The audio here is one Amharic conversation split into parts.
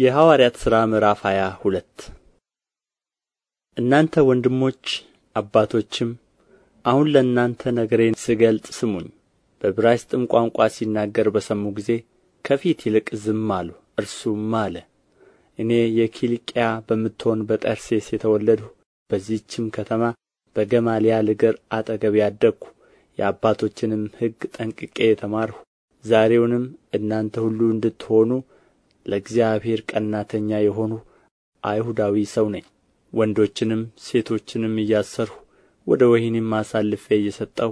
የሐዋርያት ሥራ ምዕራፍ ሃያ ሁለት እናንተ ወንድሞች አባቶችም አሁን ለእናንተ ነገሬን ስገልጥ ስሙኝ። በዕብራይስጥም ቋንቋ ሲናገር በሰሙ ጊዜ ከፊት ይልቅ ዝም አሉ። እርሱም አለ እኔ የኪልቅያ በምትሆን በጠርሴስ የተወለድሁ በዚህችም ከተማ በገማልያል እግር አጠገብ ያደግሁ የአባቶችንም ሕግ ጠንቅቄ የተማርሁ ዛሬውንም እናንተ ሁሉ እንድትሆኑ ለእግዚአብሔር ቀናተኛ የሆኑ አይሁዳዊ ሰው ነኝ ወንዶችንም ሴቶችንም እያሰርሁ ወደ ወህኒም አሳልፌ እየሰጠው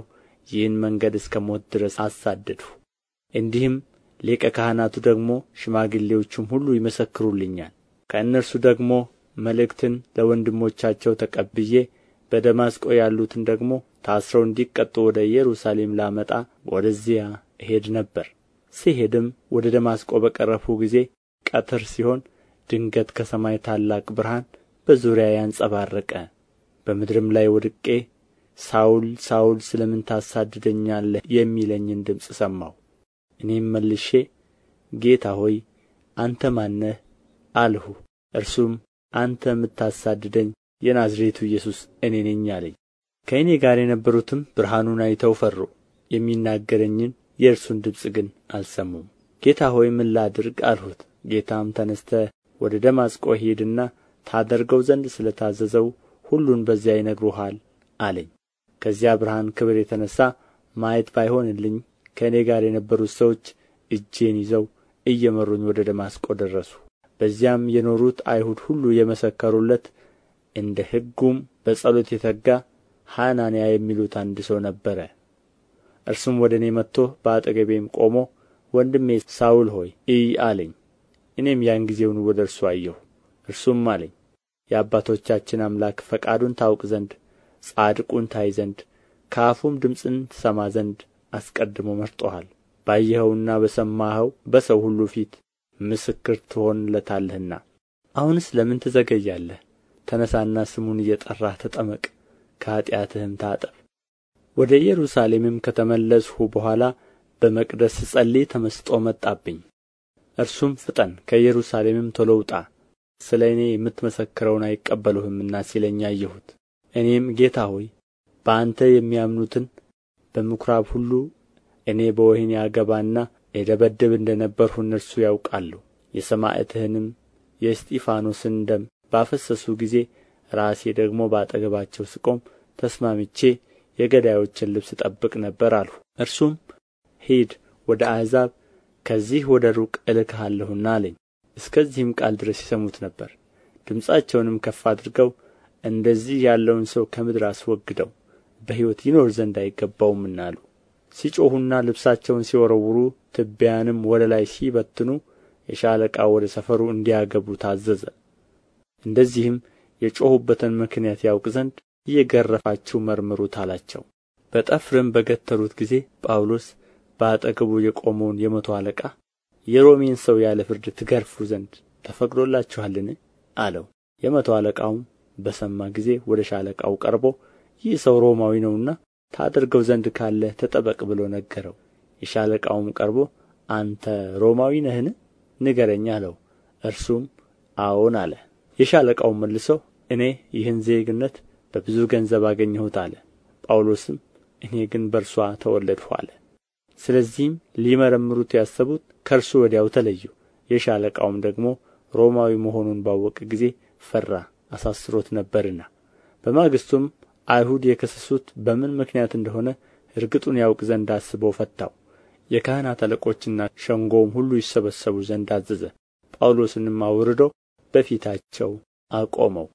ይህን መንገድ እስከ ሞት ድረስ አሳደድሁ እንዲህም ሊቀ ካህናቱ ደግሞ ሽማግሌዎቹም ሁሉ ይመሰክሩልኛል ከእነርሱ ደግሞ መልእክትን ለወንድሞቻቸው ተቀብዬ በደማስቆ ያሉትን ደግሞ ታስረው እንዲቀጡ ወደ ኢየሩሳሌም ላመጣ ወደዚያ እሄድ ነበር ሲሄድም ወደ ደማስቆ በቀረብሁ ጊዜ ቀትር ሲሆን ድንገት ከሰማይ ታላቅ ብርሃን በዙሪያ ያንጸባረቀ በምድርም ላይ ወድቄ ሳውል ሳውል ስለ ምን ታሳድደኛለህ የሚለኝን ድምፅ ሰማሁ እኔም መልሼ ጌታ ሆይ አንተ ማነህ አልሁ እርሱም አንተ የምታሳድደኝ የናዝሬቱ ኢየሱስ እኔ ነኝ አለኝ ከእኔ ጋር የነበሩትም ብርሃኑን አይተው ፈሩ የሚናገረኝን የእርሱን ድምፅ ግን አልሰሙም ጌታ ሆይ ምን ላድርግ አልሁት ጌታም ተነሥተህ ወደ ደማስቆ ሂድና ታደርገው ዘንድ ስለ ታዘዘው ሁሉን በዚያ ይነግሩሃል አለኝ ከዚያ ብርሃን ክብር የተነሣ ማየት ባይሆንልኝ ከእኔ ጋር የነበሩት ሰዎች እጄን ይዘው እየመሩኝ ወደ ደማስቆ ደረሱ በዚያም የኖሩት አይሁድ ሁሉ የመሰከሩለት እንደ ሕጉም በጸሎት የተጋ ሐናንያ የሚሉት አንድ ሰው ነበረ እርሱም ወደ እኔ መጥቶ በአጠገቤም ቆሞ ወንድሜ ሳውል ሆይ እይ አለኝ እኔም ያን ጊዜውን ወደ እርሱ አየሁ እርሱም አለኝ የአባቶቻችን አምላክ ፈቃዱን ታውቅ ዘንድ ጻድቁን ታይ ዘንድ ከአፉም ድምፅን ትሰማ ዘንድ አስቀድሞ መርጦሃል ባየኸውና በሰማኸው በሰው ሁሉ ፊት ምስክር ትሆንለታለህና አሁንስ ለምን ትዘገያለህ ተነሳና ስሙን እየጠራህ ተጠመቅ ከኃጢአትህም ታጠብ ወደ ኢየሩሳሌምም ከተመለስሁ በኋላ በመቅደስ ስጸልይ ተመስጦ መጣብኝ እርሱም ፍጠን ከኢየሩሳሌምም ቶሎ ውጣ ስለ እኔ የምትመሰክረውን አይቀበሉህምና ሲለኝ አየሁት እኔም ጌታ ሆይ በአንተ የሚያምኑትን በምኵራብ ሁሉ እኔ በወህኒ አገባና እደበድብ እንደ ነበርሁ እነርሱ ያውቃሉ የሰማዕትህንም የእስጢፋኖስን ደም ባፈሰሱ ጊዜ ራሴ ደግሞ በአጠገባቸው ስቆም ተስማምቼ የገዳዮችን ልብስ ጠብቅ ነበር አልሁ እርሱም ሂድ ወደ አሕዛብ ከዚህ ወደ ሩቅ እልክሃለሁና አለኝ እስከዚህም ቃል ድረስ ይሰሙት ነበር ድምፃቸውንም ከፍ አድርገው እንደዚህ ያለውን ሰው ከምድር አስወግደው በሕይወት ይኖር ዘንድ አይገባውምና አሉ ሲጮኹና ልብሳቸውን ሲወረውሩ ትቢያንም ወደ ላይ ሲበትኑ የሻለቃ ወደ ሰፈሩ እንዲያገቡ ታዘዘ እንደዚህም የጮኹበትን ምክንያት ያውቅ ዘንድ እየገረፋችሁ መርምሩት አላቸው በጠፍርም በገተሩት ጊዜ ጳውሎስ በአጠገቡ የቆመውን የመቶ አለቃ የሮሜን ሰው ያለ ፍርድ ትገርፉ ዘንድ ተፈቅዶላችኋልን አለው የመቶ አለቃውም በሰማ ጊዜ ወደ ሻለቃው ቀርቦ ይህ ሰው ሮማዊ ነውና ታደርገው ዘንድ ካለ ተጠበቅ ብሎ ነገረው የሻለቃውም ቀርቦ አንተ ሮማዊ ነህን ንገረኝ አለው እርሱም አዎን አለ የሻለቃውም መልሶ እኔ ይህን ዜግነት በብዙ ገንዘብ አገኘሁት አለ ጳውሎስም እኔ ግን በእርሷ ተወለድሁ አለ ስለዚህም ሊመረምሩት ያሰቡት ከእርሱ ወዲያው ተለዩ የሻለቃውም ደግሞ ሮማዊ መሆኑን ባወቀ ጊዜ ፈራ አሳስሮት ነበርና በማግስቱም አይሁድ የከሰሱት በምን ምክንያት እንደሆነ እርግጡን ያውቅ ዘንድ አስቦ ፈታው የካህናት አለቆችና ሸንጎውም ሁሉ ይሰበሰቡ ዘንድ አዘዘ ጳውሎስንም አውርዶ በፊታቸው አቆመው